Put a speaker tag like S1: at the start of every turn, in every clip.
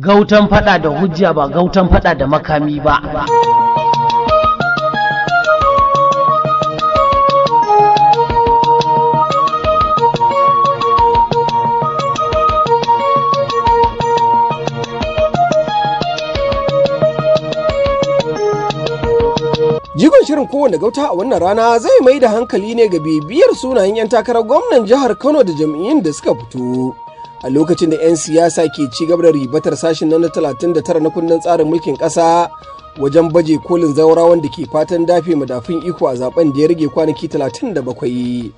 S1: gautan fada da hujja ba gautan fada da makami ba
S2: Jigon shirin kowane gauta a wannan rana zai mai da hankali ne ga bibiyar sunayen 'yan takarar gwamnan jihar Kano da jam'iyyun da suka fito. a lokacin da 'yan siyasa ke ci gaba da ribatar sashen na 39 na kundin tsarin mulkin ƙasa wajen baje kolin zaurawan da ke fatan dafe madafin iko a zaben da ya rage kwanaki talatin da bakwai.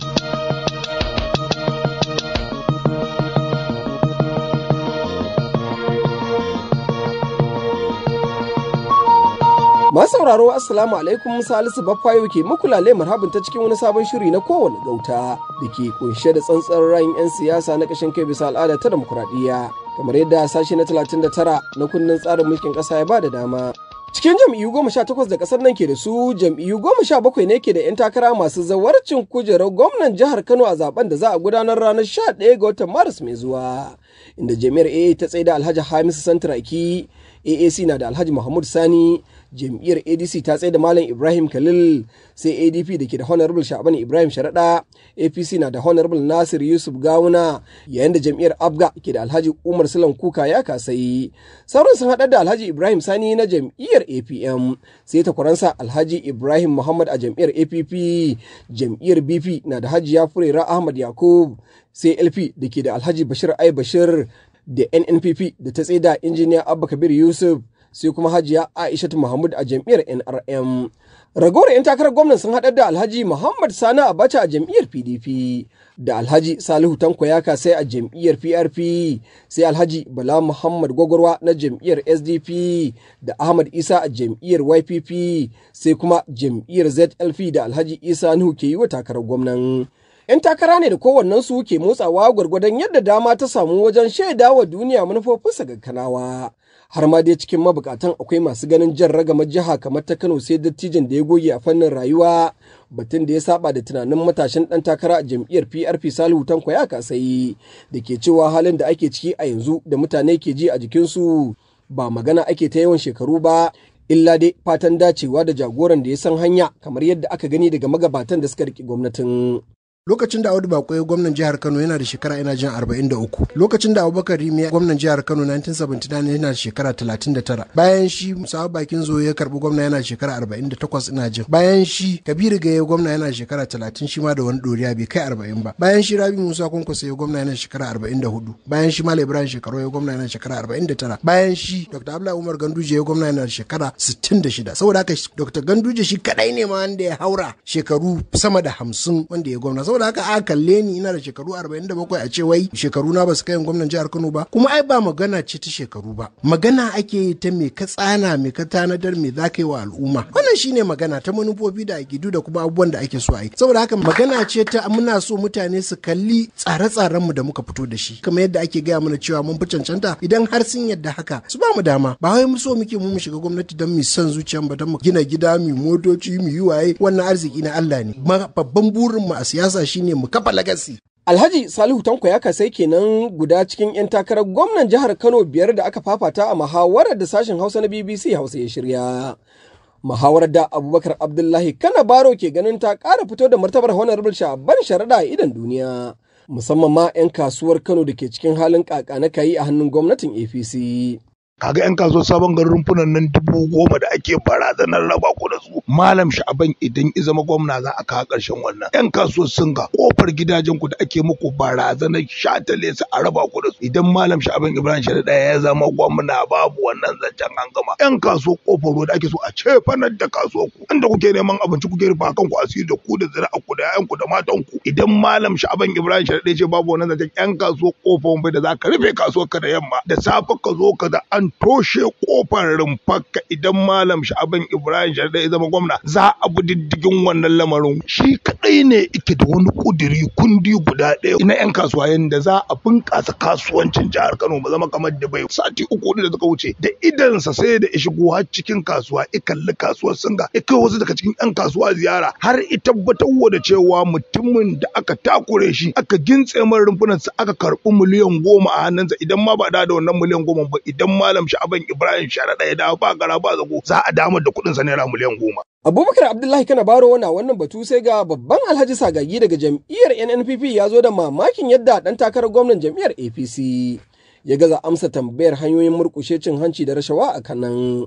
S2: Masu sauraro Assalamu alaikum Salisu Bafayo ke makulale marhabin ta cikin wani sabon shiri na kowane gauta da ke kunshe da tsantsan ran 'yan siyasa na kashin kai bisa al'ada ta demokuraɗiyya kamar yadda sashe na tara na kundin tsarin mulkin ƙasa ya bada dama. Cikin jam'iyyu goma sha takwas da ƙasar nan ke da su jam'iyyu goma sha bakwai ne ke da 'yan takara masu zawarcin kujerar gwamnan jihar Kano a zaben da za a gudanar ranar sha ɗaya ga watan Maris mai zuwa. Inda jami'ar AA ta tsaida Alhaji Hamisu Santaraki aac na da alhaji muhammad sani jam'iyyar adc ta tsaye da malam ibrahim khalil sai adp da ke da honorable shaban ibrahim sharaɗa apc na da honorable nasir yusuf gawuna yayin da jam'iyyar abga ke da alhaji umar sulan kuka ya kasai sauran sun haɗar da alhaji ibrahim sani na jam'iyyar apm sai ta takwaransa alhaji ibrahim muhammad a jam'iyyar app jam'iyyar bp na da hajiya furera ahmad yakub sai lp da ke da alhaji bashir ai bashir da nnpp da ta tsaida injiniya abba kabir yusuf sai kuma hajiya aishatu muhammad a jam'iyyar nrm ragowar 'yan takarar gwamnan sun haɗar da alhaji muhammad sani abacha a jam'iyyar pdp da alhaji salihu tanko yaka sai a jam'iyyar prp sai alhaji bala muhammad gwagwarwa na jam'iyyar sdp da ahmad isa a jam'iyyar ypp sai kuma jam'iyyar zlp da alhaji isa nuhu ke yi wa takarar gwamnan 'yan takara ne da kowannen su ke motsawa gwargwadon yadda dama ta samu wajen shaida wa duniya manufofin ga kanawa har ma dai cikin mabukatan akwai masu ganin jan ragamar jiha kamar ta kano sai dattijan da ya goge a fannin rayuwa batun da ya saba da tunanin matashin dan takara a jam'iyyar prp salihu tanko ya kasayi da ke cewa halin da ake ciki a yanzu da mutane ke ji a jikinsu ba magana ake ta yawan shekaru ba illa dai fatan dacewa da jagoran da ya san hanya kamar yadda aka gani daga magabatan da suka riƙe gwamnatin lokacin da Audu
S3: bakwai gwamnan jihar Kano yana da shekara ina jin 43 lokacin da Abubakar Rimi gwamnan jihar Kano 1979 yana da shekara 39 bayan shi Musa Bakin Zo ya karbi gwamna yana da shekara 48 ina jin bayan shi Kabiru Gaye gwamna yana da shekara 30 shi ma da wani doriya bai kai 40 ba bayan shi Rabi Musa kwankwasa ya gwamna yana da shekara 44 bayan shi Malam Ibrahim Shekaru ya gwamna yana da shekara 49 bayan shi Dr. Abdullahi Umar Ganduje ya gwamna yana da shekara 66 saboda haka Dr. Ganduje shi kadai ne ma wanda ya haura shekaru sama da 50 wanda ya gwamna saboda haka a kalle ni ina da shekaru 47 a ce wai shekaru na ba su kai gwamnan jihar Kano ba kuma ai ba magana ce ta shekaru ba magana ake yi ta me ka tsana me ka tanadar me za ka yi wa al'umma wannan shine magana ta manufofi da gidu da kuma abubuwan da ake so a yi saboda haka magana ce ta muna so mutane su kalli tsare-tsaren mu da muka fito da shi kamar yadda ake gaya mana cewa mun fi cancanta idan har sun yadda haka su ba mu dama ba wai mu so muke mu shiga gwamnati don mu san zuciyan ba don mu gina gida mu motoci mu yi waye wannan arziki na Allah ne babban burin mu a siyasa shine mu kafa lagasi.
S2: Alhaji Salihu Tanko ya kasai kenan guda cikin 'yan takarar gwamnan jihar Kano biyar da aka fafata a muhawarar da sashen Hausa na BBC Hausa ya shirya. Muhawarar da Abubakar Abdullahi Kana Baro ke ganin ta ƙara fito da martabar Honorable Shaban Sharada a idon duniya. Musamman ma 'yan kasuwar Kano da ke cikin halin ƙaƙa na kayi a hannun gwamnatin APC. kaga yan kasuwar sabon garin rumfunan nan dubu goma da ake barazanar raba ko
S4: malam sha'aban idan ya zama gwamna za a kawo karshen wannan yan kasuwar sun ga kofar gidajen ku da ake muku barazanar shatale su a raba ku da su idan malam sha'aban ibrahim sharaɗa ya zama gwamna babu wannan zancen an gama yan kasuwar kofar ruwa da ake so a cefanar da kasuwar ku inda kuke neman abinci kuke rufa ku asiri da ku da zira'a ku da ku da matan ku? idan malam sha'aban ibrahim ya ce babu wannan zancen yan kasuwar kofar bai da za ka rufe kasuwar ka da yamma da safe ka zo ka da an toshe kofar rumfarka idan malam sha'aban ibrahim sharida zama gwamna za a bi diddigin wannan lamarin shi kadai ne ike da wani kudiri kundi guda ɗaya na yan kasuwa yanda za a bunkasa kasuwancin jihar Kano ba zama kamar da bai sati uku da suka wuce da idansa sai da shigo har cikin kasuwa i kalli kasuwar singa i kai wasu daga cikin yan kasuwa ziyara har i tabbatar da cewa mutumin da aka takure shi aka gintse mar sa aka karɓi miliyan goma a sa idan ma ba da da wannan miliyan goma ba idan malam sha'aban Ibrahim Sharaɗa ya dawo ba gara ba zago za a damar da kuɗinsa naira miliyan goma. goma.
S2: Abubakar Abdullahi kana baro na wannan batu sai ga babban Alhaji Sagagi daga jam'iyyar NNPP ya zo da mamakin yadda dan takarar gwamnan jam'iyyar APC ya gaza amsa tambayar hanyoyin murƙushe cin hanci da rashawa a kanan.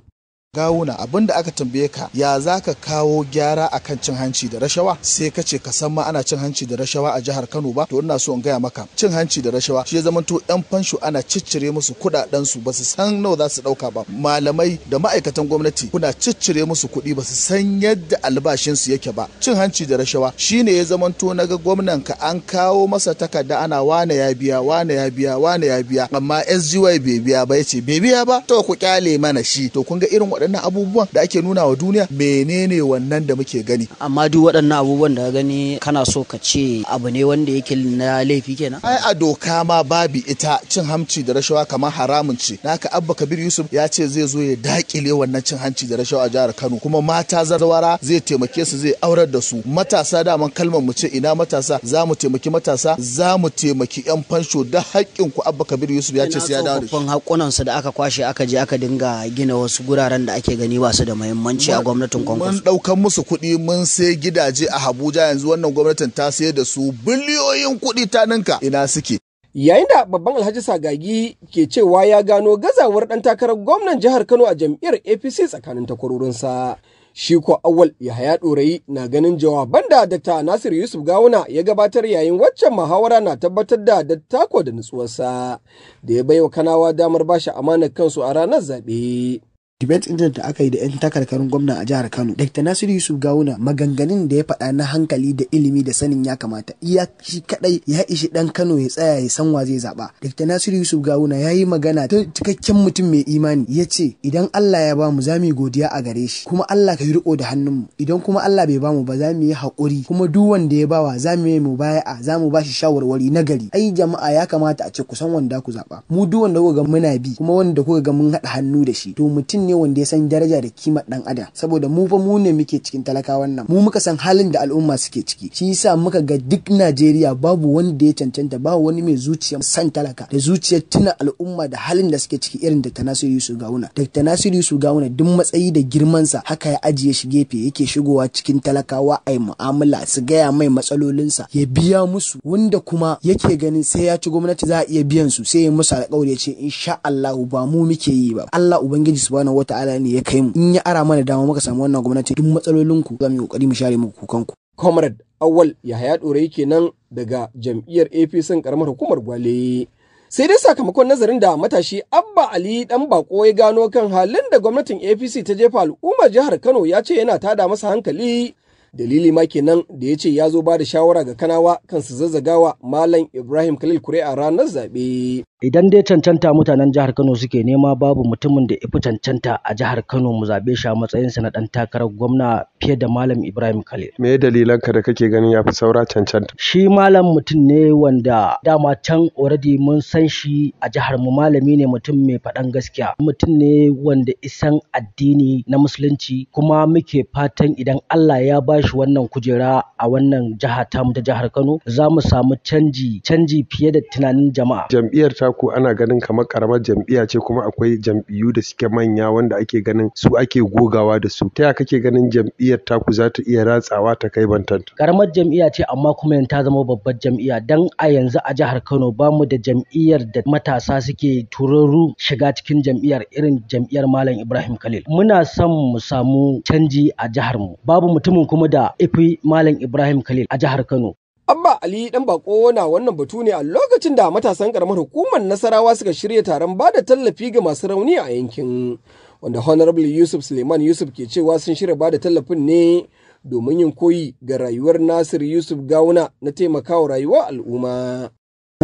S2: gawuna abin da aka tambaye ka ya za ka
S5: kawo gyara a kan cin hanci da rashawa sai ka ce ka san ma ana cin hanci da rashawa a jihar Kano ba to ina so in gaya maka cin hanci da rashawa shi ya zamanto yan fansho ana ciccire musu kudaden su ba su san nawa za su dauka ba malamai da ma'aikatan gwamnati kuna ciccire musu kuɗi ba su san yadda albashin su yake ba cin hanci da rashawa shi ne ya zamanto ga gwamnan ka an kawo masa takarda ana wane ya biya wane ya biya wane ya biya amma SGY bai biya ba yace bai biya ba to ku kyale mana shi to kun ga irin waɗannan abubuwan da ake nuna wa duniya menene wannan da muke gani amma duk waɗannan abubuwan da gani kana so ka ce abu ne wanda yake na laifi kenan ai a doka ma babu ita cin hanci da rashawa kamar haramun ce naka abba kabir yusuf ya ce zai zo ya dakile wannan cin hanci da rashawa a jihar kano kuma mata zarwara zai taimake su zai aurar da su matasa daman kalmar mu ce ina matasa za mu taimaki matasa
S6: za mu taimaki yan fansho da haƙƙin abba kabir yusuf ya ce sai ya dawo da shi da aka kwashe aka je aka dinga gina wasu guraren da ake gani ba su da muhimmanci a gwamnatin kwankwaso mun
S5: daukan musu kuɗi mun sai gidaje a habuja yanzu wannan gwamnatin ta sayar da su biliyoyin
S2: kuɗi ta ninka ina suke yayin da babban alhaji sagagi ke cewa ya gano gazawar dan takarar gwamnan jihar kano a jam'iyyar apc tsakanin takwarorinsa shi ko awal yahaya ɗorayi na ganin jawaban da dr nasir yusuf gawuna ya gabatar yayin waccan muhawara na tabbatar da dattako da nutsuwarsa da ya baiwa kanawa damar bashi amanar kansu a ranar zaɓe.
S6: debate din da aka yi da 'yan takarkarin gwamna a jihar Kano. Dr. Nasiru Yusuf Gawuna maganganun da ya faɗa na hankali da ilimi da sanin ya kamata iya shi kadai ya ishi dan Kano ya tsaya ya san wa zai zaɓa. Dr. Nasiru Yusuf Gawuna ya yi magana ta cikakken mutum mai imani ya ce idan Allah ya bamu za mu godiya a gare shi kuma Allah ka yi riko da hannunmu idan kuma Allah bai bamu ba za mu yi haƙuri kuma duk wanda ya bawa za mu yi mu a, za mu ba shi shawarwari na gari. Ai jama'a ya kamata a ce kusan wanda ku zaba. Mu duk wanda kuka ga muna bi kuma wanda kuka ga mun haɗa hannu da shi to mutum ne wanda ya san daraja da kima dan adam saboda mu fa mu ne muke cikin talakawan nan mu muka san halin da al'umma suke ciki shi yasa muka ga duk Najeriya babu wanda ya cancanta babu wani mai zuciyar san talaka da zuciya tuna al'umma da halin da suke ciki irin da Tanasiru Yusuf Gawuna da nasiru Yusuf Gawuna duk matsayi da girman sa haka ya ajiye shi gefe yake shigowa cikin talakawa a mu'amala su gaya mai matsalolinsa ya biya musu wanda kuma yake ganin sai ya ci gwamnati za a iya biyan su sai ya musu alƙawari ya ce insha Allah ba mu muke yi ba Allah ubangiji subhanahu subhanahu wataala ne ya kai mu in ya ara mana dama muka samu wannan gwamnati duk matsalolin ku za mu yi kokari mu share muku kukan ku
S2: comrade awwal yahaya yake nan daga jam'iyyar apc karamar hukumar gwale sai dai sakamakon nazarin da matashi abba ali dan bako ya gano kan halin da gwamnatin apc ta jefa al'ummar jihar kano ya ce yana tada masa hankali dalili ma kenan da ya ce ya zo ba da shawara ga kanawa kan su zazzagawa malam ibrahim khalil kure a ranar zaɓe.
S1: idan dai cancanta mutanen jihar kano suke nema babu mutumin da ifi cancanta a jihar kano mu zaɓe shi a matsayinsa na ɗan takarar gwamna fiye da malam ibrahim khalil.
S7: me dalilan ka da kake ganin ya fi saura cancanta. shi malam mutum
S1: ne wanda dama can already mun san shi a jihar mu malami ne mutum mai faɗan gaskiya mutum ne wanda isan addini na musulunci kuma muke fatan idan allah ya ba shi wannan kujera a wannan jiha tamu ta jihar Kano za mu samu canji canji fiye da tunanin jama'a.
S7: Jam'iyyar taku ana ganin kamar karamar jam'iyya ce kuma akwai jam'iyyu da suke manya wanda ake ganin su ake gogawa da su. Ta ya kake ganin jam'iyyar taku za ta iya ratsawa ta kai bantanta?
S1: Karamar jam'iyya ce amma kuma yanzu ta zama babbar jam'iyya dan a yanzu a jihar Kano ba mu da jam'iyyar da matasa suke turaru shiga cikin jam'iyyar irin jam'iyyar Malam Ibrahim Khalil. Muna son mu samu canji a jihar mu. Babu mutumin kuma da ifi Malam Ibrahim Khalil a jihar Kano.
S2: Abba Ali dan bako na wannan batu ne a lokacin da matasan karamar hukumar Nasarawa suka shirya taron ba da tallafi ga masu rauni a yankin. Wanda Honorable Yusuf Suleiman Yusuf ke cewa sun shirya ba da tallafin ne domin yin koyi ga rayuwar Nasir Yusuf Gawuna na taimakawa rayuwar al'umma.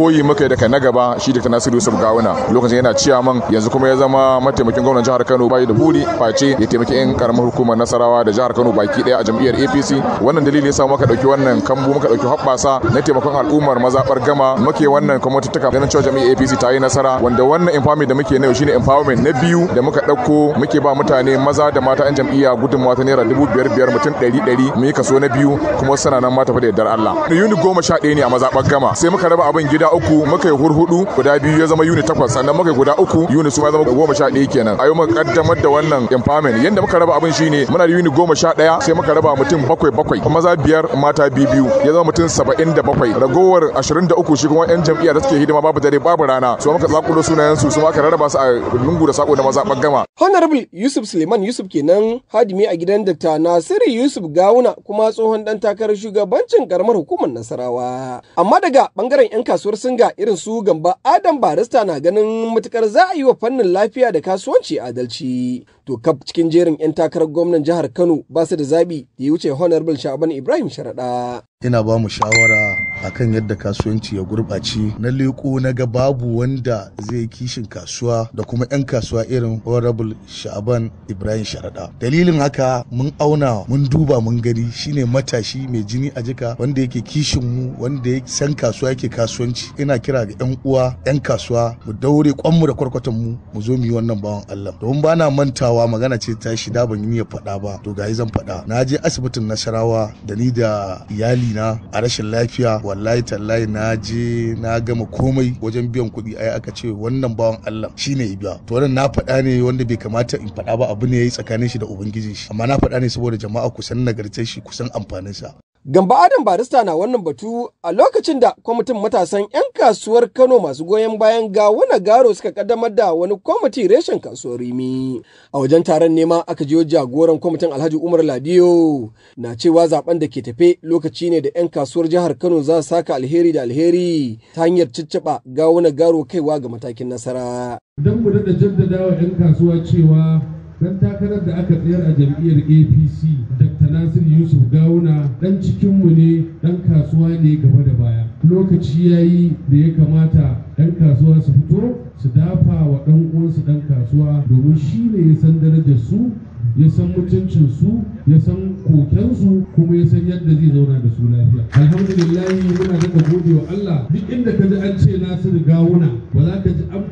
S8: koyi muka daga na gaba shi da nasiru yusuf gawuna lokacin yana ciya man yanzu kuma ya zama mataimakin gwamnatin jihar kano bayi da buri face ya taimaki yan karamar hukumar nasarawa da jihar kano baki daya a jam'iyyar apc wannan dalili ya sa muka dauki wannan kambu muka dauki hoɓɓasa na taimakon al'ummar mazaɓar gama muke wannan taka ganin cewa jami'ar apc ta yi nasara wanda wannan empowerment da muke na yau shine empowerment na biyu da muka dauko muke ba mutane maza da mata yan jam'iyya gudunmawa ta naira dubu biyar biyar mutum ɗari ɗari mu yi kaso na biyu kuma sananan mata fa da yardar allah Da yuni goma sha ɗaya ne a mazaɓar gama sai muka raba abin gida uku muka yi hurhudu guda biyu ya zama yuni takwas sannan muka yi guda uku yuni su ma zama goma sha ɗaya kenan a yau muka kaddamar da wannan empowerment yadda muka raba abin shine muna da yuni goma sha ɗaya sai muka raba mutum bakwai bakwai maza biyar mata biyu biyu ya zama mutum saba'in da bakwai ragowar ashirin da uku shi kuma yan jam'iyya da suke hidima babu dare babu rana su muka tsakulo sunayen su su aka rarraba su a lungu da sako da maza gama.
S2: honorable yusuf suleiman yusuf kenan hadimi a gidan dakta nasiru yusuf gawuna kuma tsohon dan takarar shugabancin karamar hukumar nasarawa amma daga bangaren yan kasuwar kasuwar irin su gamba adam barista na ganin matukar za a yi wa fannin lafiya da kasuwanci adalci to kaf cikin jerin 'yan takarar gwamnan jihar kano ba su da zabi da ya wuce honorable Shaban ibrahim sharaɗa
S5: ina ba mu shawara akan yadda kasuwanci ya gurɓace na leko na ga babu wanda zai kishin kasuwa da kuma 'yan kasuwa irin honorable sha'aban ibrahim sharaɗa dalilin haka mun auna mun duba mun gani shine matashi mai jini a jika wanda yake kishin mu wanda ya san kasuwa yake kasuwanci ina kira ga 'yan uwa 'yan kasuwa mu daure kwanmu da kwarkwatan mu mu zo mu yi wannan bawan allah domin ba na mantawa magana ce ta da ban yi ya faɗa ba to ga zan faɗa na je asibitin nasarawa da ni da iyalina a rashin lafiya wallahi tallahi na je na gama komai wajen biyan kuɗi ai aka ce wannan bawan Allah shine ya biya to wannan na faɗa ne wanda bai kamata in faɗa ba abu ne yayi tsakanin shi da ubangijin shi amma na faɗa ne saboda jama'a kusan nagartar shi kusan amfanin sa
S2: Gamba Adam Barista na wannan batu a lokacin da kwamitin matasan 'yan kasuwar Kano masu goyon bayan wani garo suka kaddamar da wani kwamiti reshen kasuwar Rimi. A wajen taron nema aka jiyo jagoran kwamitin Alhaji Umar Ladiyo na cewa zaben da ke tafe lokaci ne da 'yan kasuwar jihar Kano za su saka alheri da alheri ta hanyar ciccaba wani garo kaiwa ga matakin nasara.
S9: Don mu da jaddada wa 'yan kasuwa cewa dan takarar da aka tsayar a jam'iyyar apc dr nasir yusuf gawuna dan cikinmu ne dan kasuwa ne gaba da baya lokaci ya yi da ya kamata dan kasuwa su fito su dafa wa dan uwansu dan kasuwa domin shi ne ya san darajar su ya san mutuncin su ya san kokensu kuma ya san yadda zai zauna da su lafiya alhamdulillah muna daga gode wa Allah duk inda ka ji an ce Nasiru gawuna ba za ka ji an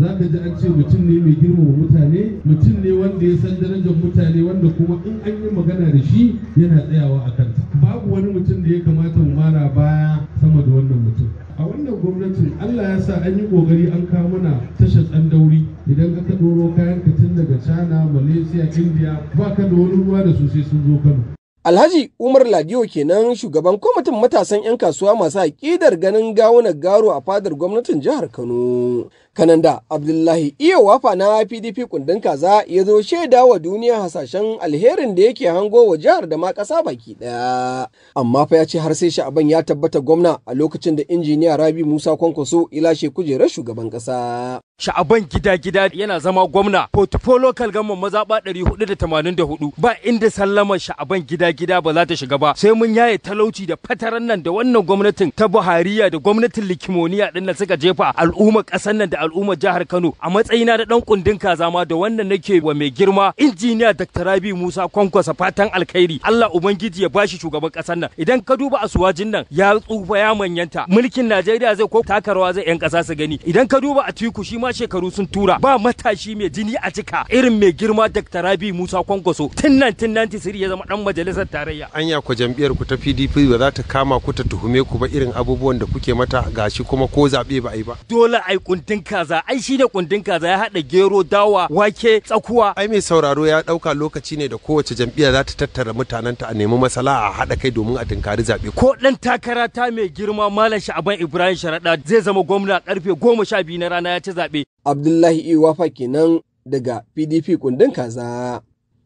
S9: za ka ji an ce mutum ne mai girmama mutane mutum ne wanda ya san darajar mutane wanda kuma in an yi magana da shi yana tsayawa a kanta babu wani mutum da ya kamata mu mara baya sama da wannan mutum a wannan gwamnatin allah ya sa an yi kokari an kawo mana tashar tsandauri idan aka ɗoro kayan tun daga china malaysia india ba ka da wani ruwa da sosai sun zo kano Alhaji Umar Ladiyo kenan shugaban kwamitin
S2: matasan 'yan kasuwa masu aƙidar ganin gawunan garo a fadar gwamnatin jihar
S9: Kano.
S2: kananda abdullahi iya wafa na pdp kundin kaza ya zo shaida wa duniya hasashen alherin da yake hango wa jihar da ma kasa baki daya. amma fa ya ce har sai sha'aban ya tabbata gwamna a lokacin da injiniya rabi musa kwankwaso ila she kujerar shugaban kasa.
S10: sha'aban gida gida yana zama gwamna portfolio kalgamman ɗari 484 ba inda sallama sha'aban gida gida ba za ta shiga ba sai mun yaye talauci da fataran nan da wannan gwamnatin ta buhariya da gwamnatin likimoniya ɗin nan suka jefa al'ummar ƙasar nan da al'ummar jihar Kano a matsayina da dan kundin kazama da wannan nake wa mai girma injiniya Dr. Rabi Musa Kwankwasa fatan alkhairi Allah ubangiji ya bashi shugaban kasar nan idan ka duba asuwajin nan ya tsufa ya manyanta mulkin Najeriya zai ko takarwa zai yan kasa su gani idan ka duba a tiku shi ma shekaru sun tura ba matashi mai jini a cika irin mai girma Dr. Rabi Musa Kwankwaso tun nan tun nan ya zama dan
S7: majalisar tarayya anya ku jam'iyyar ku ta PDP ba za ta kama ku ta tuhume ku ba irin abubuwan da kuke mata gashi kuma ko zabe ba ai ba dole ai kuntin kaza ai shi ne kundin kaza ya haɗa gero dawa wake tsakuwa ai mai sauraro ya ɗauka lokaci ne da kowace jam'iyya za ta tattara mutanenta a nemi masala a haɗa kai domin a tunkari zaɓe ko ɗan takara ta mai girma malam sha'aban ibrahim sharaɗa zai zama gwamna karfe goma sha biyu na rana
S10: ya ci zaɓe
S2: abdullahi iwafa kenan daga pdp kundin kaza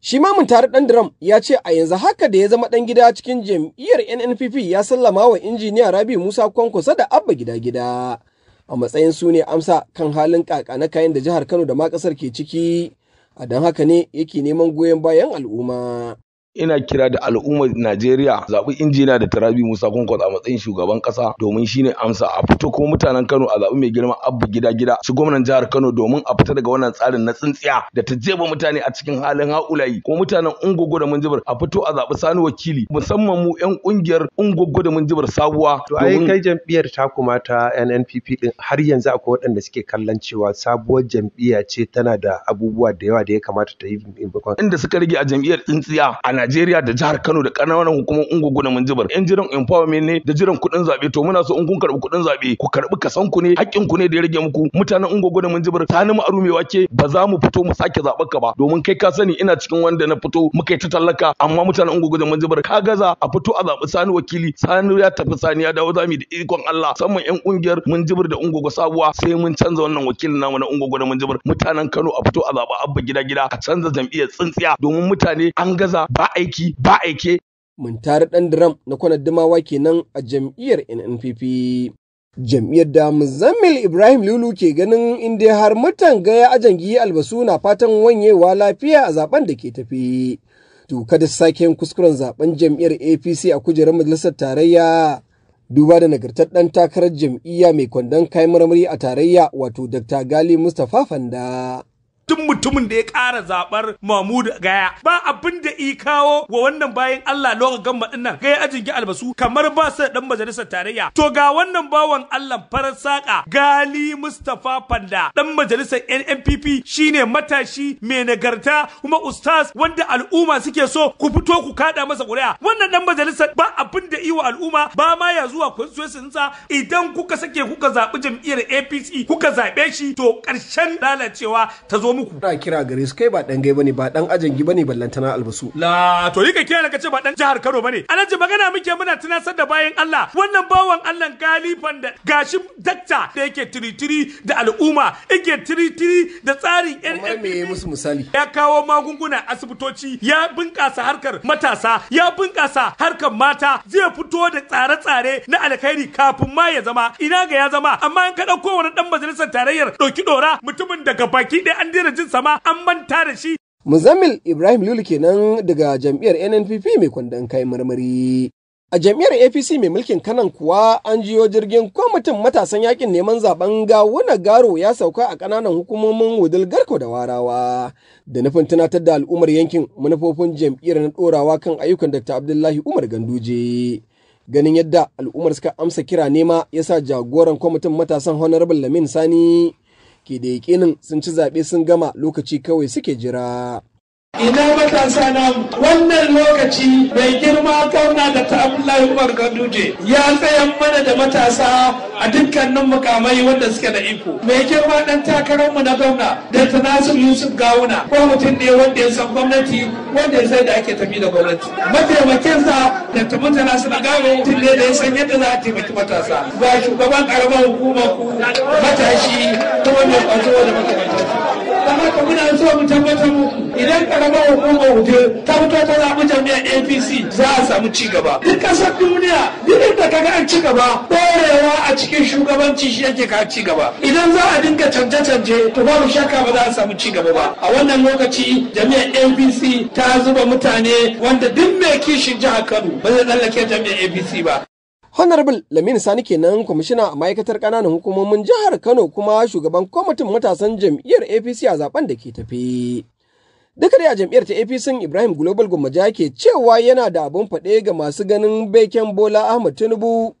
S2: Shi ma tare dan Dram ya ce a yanzu haka da ya zama dan gida cikin jam'iyyar NNPP ya sallama wa injiniya Rabi Musa Kwankwasa da Abba gida-gida. a matsayin su ne amsa kan halin kaka na kayan da jihar Kano da ma kasar ke ciki a don haka ne yake neman goyon bayan al'umma.
S11: ina kira da al'ummar Najeriya zaɓi injiniya da Tarabi Musa Kwankwas a matsayin shugaban ƙasa domin shine amsa a fito ko mutanen Kano a zaɓi mai girma Abba Gida Gida su gwamnan jihar Kano domin a fita daga wannan tsarin na tsintsiya da ta jeba mutane a cikin halin haulayi ko mutanen Ungogo da Minjibir a fito a zaɓi Sani wakili musamman mu ƴan ƙungiyar Ungogo da Minjibir sabuwa. To ai kai
S7: jam'iyyar ta kuma ta NNPP din har yanzu akwai waɗanda suke kallon cewa sabuwar jam'iyya ce tana da abubuwa da yawa da ya kamata ta yi. Inda
S11: suka rage a jam'iyyar tsintsiya a Najeriya da jihar Kano da kananan hukumar Ungugu na munjibar Yan jiran empowerment ne da jiran kuɗin zabe to muna so in kun karbi kuɗin zaɓe ku karbi kasan ku ne haƙƙin ku ne da ya rage muku mutanen Ungugu na munjibar sani mu aru wake ba za mu fito mu sake zaɓar ka ba domin kai ka sani ina cikin wanda na fito muka yi ta tallaka amma mutanen Ungugu da munjibar ka gaza a fito a zaɓi sani wakili sani ya tafi sani ya dawo zamu da ikon Allah musamman yan ƙungiyar munjibar da Ungugu sabuwa sai mun canza wannan wakilin namu na Ungugu na munjibar mutanen Kano a fito a zaɓa abba gida gida a canza jam'iyyar tsintsiya domin
S2: mutane an gaza ba aiki ba aike. Muntari ɗan diram na kwanar dimawa kenan a jam'iyyar NNPP. Jam'iyyar da Muzammil Ibrahim Lulu ke ganin inda har mutan gaya ajangi albasu na fatan wanyewa lafiya a zaben da ke tafi. To kada sake kuskuren zaben jam'iyyar APC a kujerar majalisar tarayya duba da nagartar ɗan takarar jam'iyya mai kwandon kayan marmari a tarayya wato Dr. Gali Mustapha Fanda.
S12: tun mutumin da ya ƙara zaɓar Mahmud Gaya ba abin da i kawo wa wannan bayan Allah lokacin gamma ɗin nan gaya ajin gi albasu kamar ba su dan majalisar tarayya to ga wannan bawan Allah farar saƙa. Gali Mustafa Fanda dan majalisar NNPP shine matashi mai nagarta kuma ustaz wanda al'umma suke so ku fito ku kaɗa masa ƙuri'a wannan dan majalisar ba abin da iwa al'umma ba ma ya zuwa constituency idan kuka sake kuka zaɓi jam'iyyar APC kuka zaɓe shi to ƙarshen lalacewa ta zo muku da
S2: kira gare su kai ba dan gai bane ba dan ajangi bane ballantana albasu
S12: la to ka kira ka ce ba dan jihar Kano bane alhaji magana muke muna tunasar da bayan Allah wannan bawan Allah kalifan da gashi dakta da yake tiritiri da al'umma yake tiritiri da tsari. NNP me musu misali ya kawo magunguna asibitoci ya bunkasa harkar matasa ya bunkasa harkar mata zai fito da tsare-tsare na alkhairi kafin ma ya zama ina ga ya zama amma in ka dauko wani dan majalisar tarayyar ɗauki dora mutumin daga baki ɗaya an tasirin jinsa ma an manta da shi.
S2: Muzammil Ibrahim Lulu kenan daga jam'iyyar NNPP mai kwandon kayan marmari. A jam'iyyar APC mai mulkin kanan kuwa an jiyo jirgin kwamitin matasan yakin neman zaben gawuna garo ya sauka a kananan hukumomin wudul garko da warawa da nufin tunatar da al'ummar yankin manufofin jam'iyyar na ɗorawa kan ayyukan Dr. Abdullahi Umar Ganduje. Ganin yadda al'ummar suka amsa kira nema ya sa jagoran kwamitin matasan Honorable Lamin Sani ke da yakinin sun ci zaɓe sun gama lokaci kawai suke jira. ina matasa na wannan lokaci mai girma kauna da ta abdullahi
S12: umar ganduje ya tsayan mana da matasa a dukkanin mukamai wanda suke da iko mai girma dan takararmu na gauna da tanasir yusuf gawuna ko mutum ne wanda ya san gwamnati wanda ya san da ake tafi da gwamnati mataimakinsa da su na gawo mutum ne da ya san yadda za a taimaki matasa ba shugaban karamar hukumar ku matashi kuma mai kwazo da makamantarsa kamata muna so mu tabbatar mu idan karamar hukumar wuje ta fito ta zaɓi jami'ar apc za a samu ci gaba duk ƙasar duniya duk da kaga an ci gaba ɗorewa a cikin shugabanci shi yake ka ci gaba idan za a dinga canje-canje to babu shakka ba za a samu ci gaba ba a wannan lokaci jami'ar apc ta zuba mutane wanda duk mai kishin jihar kano ba zai tsallake jami'ar apc ba
S2: Honorable Lamini Sani kenan kwamishina a ma'aikatar ƙananan hukumomin jihar Kano kuma shugaban kwamitin matasan jam'iyyar APC a zaben da ke tafi. Duka da jam'iyyar ta APC Ibrahim Global Gumaja ke cewa yana da abin faɗe ga masu ganin beken Bola Ahmad Tinubu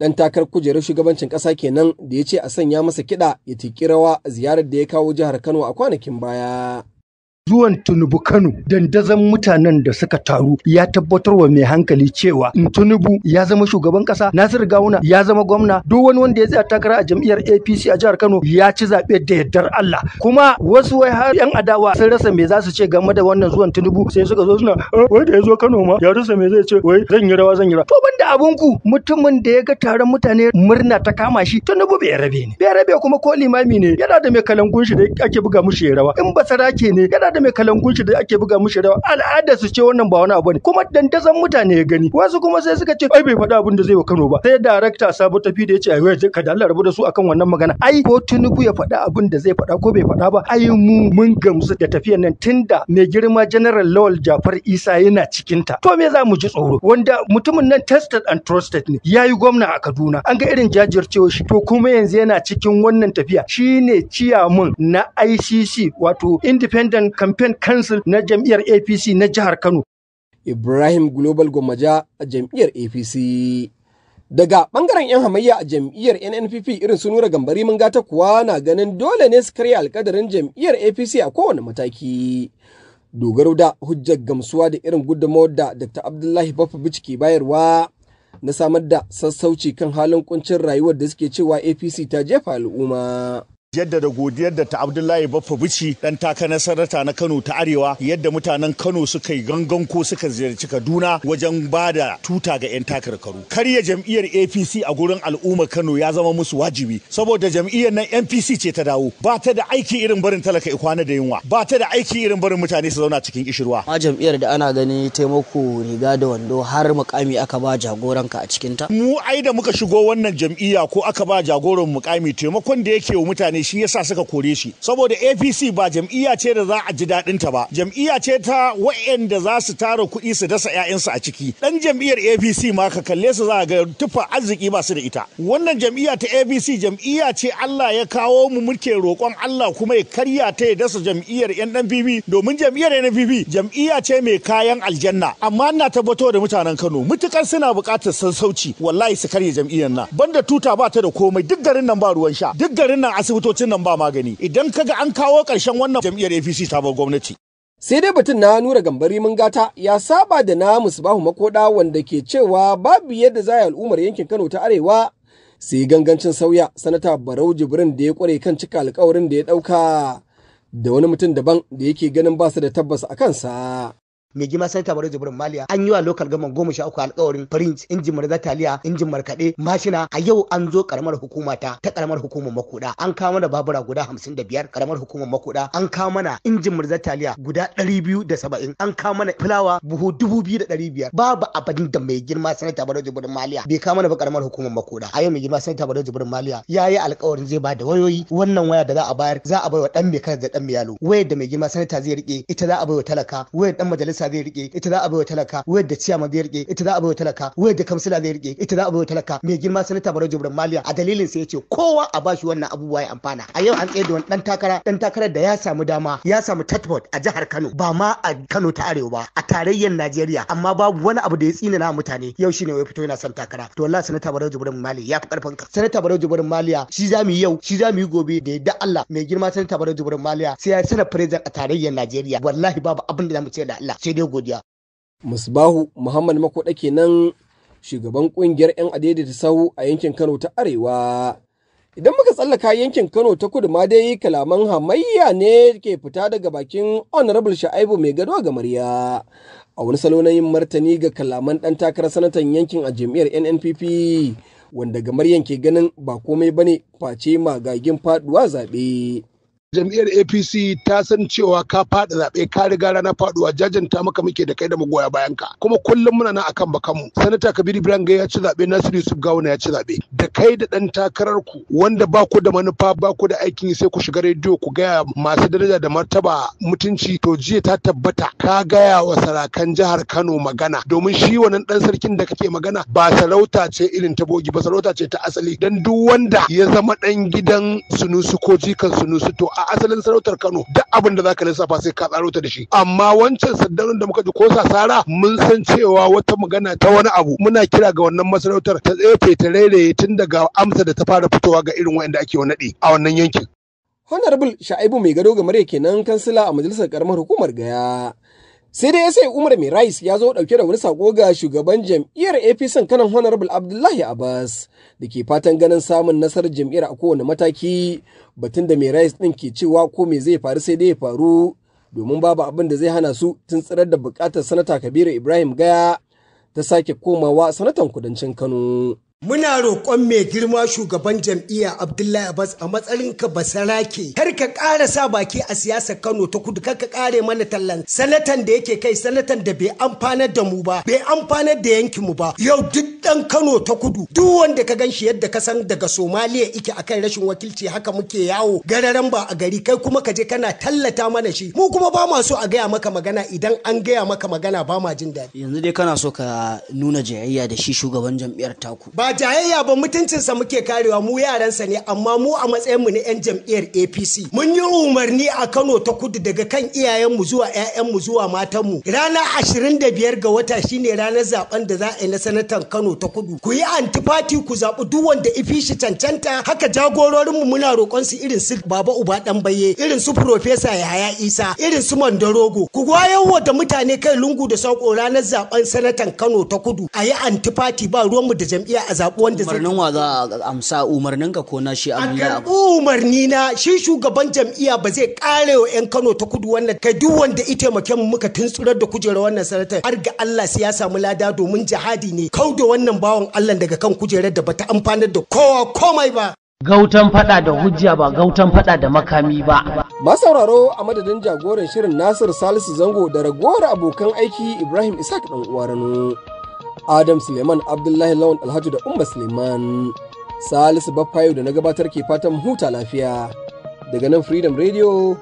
S2: dan takar kujerar shugabancin ƙasa kenan da ya ce a sanya masa kiɗa ya tiki rawa a ziyarar da ya kawo jihar Kano a kwanakin baya.
S10: Zuwan tunubu Kano, dandazon mutanen da suka taru ya tabbatar wa mai hankali cewa Tinubu ya zama shugaban kasa, Nasiru Gawuna ya zama gwamna, duk wani wanda ya tsaya takara a jam'iyyar APC a jihar Kano ya ci zaɓe da yardar Allah. Kuma wasu wai har yan adawa sun rasa me za su ce game da wannan zuwan Tinubu sai suka zo suna eh, wai da ya zo Kano ma ya rasa me zai ce wai zan yi rawa zan yi rawa. To banda abun ku mutumin da ya ga taron mutane murna ta kama shi tunubu bai rabe ne. Bai rabe kuma ko limami ne yana da mai kalangun shi da ake buga mushi rawa. In basarake ne yana da mai kalangun shi da ake buga mishi rawa al'ada su ce wannan ba wani abu ne kuma dantazan mutane ya gani wasu kuma sai suka ce ai bai faɗa abin da zai wa Kano ba sai darakta Sabo Tafi da ya ce ai wai ka da Allah da su akan wannan magana ai ko Tinubu ya faɗa abin da zai faɗa ko bai faɗa ba ai mu mun gamsu da tafiyar nan tunda mai girma General Lawal Jafar Isa yana cikin ta to me za mu ji tsoro wanda mutumin nan tested and trusted ne yayi gwamna a Kaduna an ga irin jajircewa shi to kuma yanzu yana cikin wannan tafiya shine ciyamin na ICC wato Independent kamfen council na jam'iyyar apc
S2: na jihar kano ibrahim global gwamaja a jam'iyyar apc daga bangaren 'yan hamayya a jam'iyyar nnpp irin su nura gambari mun gata kuwa na ganin dole ne su karya alkadarin jam'iyyar apc a kowane mataki dogaro da hujjar gamsuwa da irin gudunmawar da dr abdullahi bici ke bayarwa na samar da
S13: sassauci kan halin kuncin rayuwar da suke cewa apc ta jefa al'umma jaddada godiyar da ta abdullahi baffa bici dan taka nasarata na kano ta arewa yadda mutanen kano suka yi gangan ko suka ziyarci kaduna wajen bada tuta ga 'yan takarkaru karya jam'iyyar apc a gurin al'umma kano ya zama musu wajibi saboda jam'iyyar nan npc ce ta dawo ba ta da aiki irin barin talaka ikwana da yunwa ba ta da aiki irin barin mutane su zauna cikin kishirwa ma jam'iyyar da ana gani taimako riga da wando har mukami aka ba jagoranka a cikinta mu ai da muka shigo wannan jam'iyya ko aka ba jagoran mukami taimakon da yake wa mutane shi yasa suka kore shi saboda APC ba jam'iyya ce da za a ji daɗin ta ba jam'iyya ce ta wa'anda za su tara kuɗi su dasa su a ciki dan jam'iyyar APC ma ka kalle su za ga tufa arziki ba su da ita wannan jam'iyya ta APC jam'iyya ce Allah ya kawo mu muke roƙon Allah kuma ya karya ta ya dasa jam'iyyar ƴan dan bibi domin jam'iyyar ƴan bibi. jam'iyya ce mai kayan aljanna amma ina tabbatar da mutanen Kano mutukan suna buƙatar sassauci wallahi su karya jam'iyyar nan banda tuta ba ta da komai duk garin nan ba ruwan sha duk garin nan asibitoci gwamnatocin nan ba magani idan kaga an kawo ƙarshen wannan jam'iyyar APC ta bar gwamnati sai dai batun na nura
S2: gambari mun gata ya saba da na musbahu makoda wanda ke cewa babu yadda za a al'ummar yankin Kano ta arewa sai gangancin sauya sanata barau jibrin da ya kware kan cika alkawarin da ya ɗauka da wani mutum daban da yake ganin ba su da tabbas a kansa
S14: mai gima sanata Barau Jibrin Maliya an yi wa local government goma sha uku alƙawarin print injin marza taliya injin markaɗe mashina a yau an zo karamar hukuma ta ta karamar hukumar makuda an kawo mana babura guda hamsin da biyar karamar hukumar makuda an kawo mana injin marza taliya guda ɗari biyu da saba'in an kawo mana fulawa buhu dubu biyu da ɗari biyar babu abin da mai girma sanata Barau Jibrin Maliya bai kawo mana ba karamar hukumar makuda a yau mai girma sanata Barau Jibrin Maliya ya yi alƙawarin zai ba da wayoyi wannan waya da za a bayar za a bai wa ɗan mai da ɗan mai yalo waya da mai girma sanata zai riƙe ita za a bai wa talaka waya ɗan majalisa minista zai rike ita za a bai wa talaka wayar da ciyama zai rike ita za a bai wa talaka wayar da kamsila zai rike ita za a bai wa talaka mai girma sanata bara Jibrin Maliya a dalilin sa yace kowa a bashi wannan abubuwa ya amfana a yau an tsaye da wani dan takara dan takara da ya samu dama ya samu tatbot a jihar Kano ba ma a Kano ta Arewa ba a tarayyar Najeriya amma babu wani abu da ya tsina na mutane yau shine ya fito yana son takara to wallahi sanata bara Jibrin Maliya ya fi karfin ka sanata bara Jibrin Maliya shi za mu yi yau shi za mu yi gobe da yadda Allah mai girma sanata bara Jibrin Maliya sai ya sanar president a tarayyar Najeriya wallahi babu abin da za mu ce da Allah
S2: sai sai dai godiya. Musbahu Muhammad Makoda kenan shugaban kungiyar 'yan ta sahu a yankin Kano ta Arewa. Idan muka tsallaka yankin Kano ta kudu ma dai kalaman hamayya ne ke fita daga bakin Honorable Sha'ibu mai gado ga murya. A wani salo na yin martani ga kalaman ɗan takarar sanatan yankin a jam'iyyar NNPP wanda ga ke ganin ba komai bane face magagin faduwa zaɓe. jam'iyyar apc ta san cewa ka faɗi zaɓe ka riga rana faɗuwa jajanta
S4: maka muke da kai da magoya bayan ka kuma kullum muna nan akan bakanmu sanata kabiru biranga ya ci zaɓe nasiru yusuf gawuna ya ci zaɓe da kai da ɗan takarar ku wanda ba ku da manufa ba ku da aikin sai ku shiga rediyo ku gaya masu daraja da martaba mutunci to jiya ta tabbata ka gaya wa sarakan jihar kano magana domin shi wannan ɗan sarkin da kake magana ba sarauta ce irin ta bogi ba sarauta ce ta asali dan duk wanda ya zama ɗan gidan sunusu ko jikan sunusu to a asalin sarautar Kano duk abin da zaka lissafa sai ka tsaro ta da shi amma wancan saddarin da muka ji ko sasara mun san cewa wata magana ta wani abu muna kira ga wannan masarautar ta tsefe ta rairaye tun daga amsa da ta fara fitowa ga irin wanda ake wa naɗi a wannan yankin
S2: Honorable Sha'ibu mai gado gamare kenan kansila a majalisar karamar hukumar Gaya. sai dai sai umar mai rais ya zo dauke da wani sako ga shugaban jam'iyyar apc kanan honorable abdullahi abbas da ke fatan ganin samun nasarar jam'iyyar a kowane mataki batun da mai rais din ke cewa ko me zai faru sai dai ya faru domin babu abin da zai hana su tun tsirar da bukatar sanata kabiru ibrahim gaya ta sake komawa sanatan kudancin kano
S15: Muna roƙon mai girma shugaban jam'iyya Abdullahi Abbas a matsayin ba basarake kar ka ƙara sa baki a siyasar Kano ta kudu kar ka ƙare mana tallan sanatan da yake kai sanatan da bai amfanar da mu ba bai amfanar da yankin mu ba yau duk dan Kano ta kudu duk wanda ka ganshi yadda ka san daga Somaliya ike akan rashin wakilci haka muke yawo gararan ba a gari kai kuma ka je kana tallata mana shi mu kuma ba ma so a gaya maka magana idan an gaya maka magana ba ma jin
S6: daɗi yanzu dai kana so ka nuna jayayya da shi shugaban jam'iyyar taku
S15: ba jayayya ba mutuncinsa muke karewa mu yaransa ne amma mu a matsayinmu na 'yan jam'iyyar APC mun yi umarni a Kano ta kudu daga kan iyayenmu zuwa 'ya'yanmu zuwa matanmu ranar 25 ga wata shine ranar zaben da za a yi na sanatan Kano ta kudu ku yi antifati ku zaɓi duk wanda ifi shi cancanta haka jagororin mu muna roƙon su irin su baba uba dan baye irin su profesa yahaya isa irin su mandarogo ku wa da mutane kai lungu da sako ranar zaben sanatan kano ta kudu a yi antifati ba mu da jam'iyya a zaɓi wanda zai umarnin
S6: wa za a amsa umarnin ka ko na shi a karɓi
S15: umarni na shi shugaban jam'iya ba zai ƙare wa 'yan kano ta kudu wannan kai duk wanda ita muka muka tuntsurar da kujerar wannan sanatan har ga Allah sai ya samu lada domin jihadi ne kau da wani wannan bawan Allah daga kan kujerar da bata amfanar da kowa komai ba. Gautan fada da hujja ba gautan faɗa da makami ba.
S2: Masauraro a madadin jagoran shirin Nasir Salisu Zango da ragowar abokan aiki Ibrahim Isaac ɗan uwaranu. Adam Suleiman Abdullahi Lawan Alhaji da Umma Suleiman. Salisu Baffayo da na gabatar ke fatan huta lafiya.
S13: Daga nan Freedom Radio,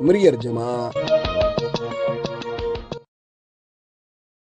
S13: muryar jama'a.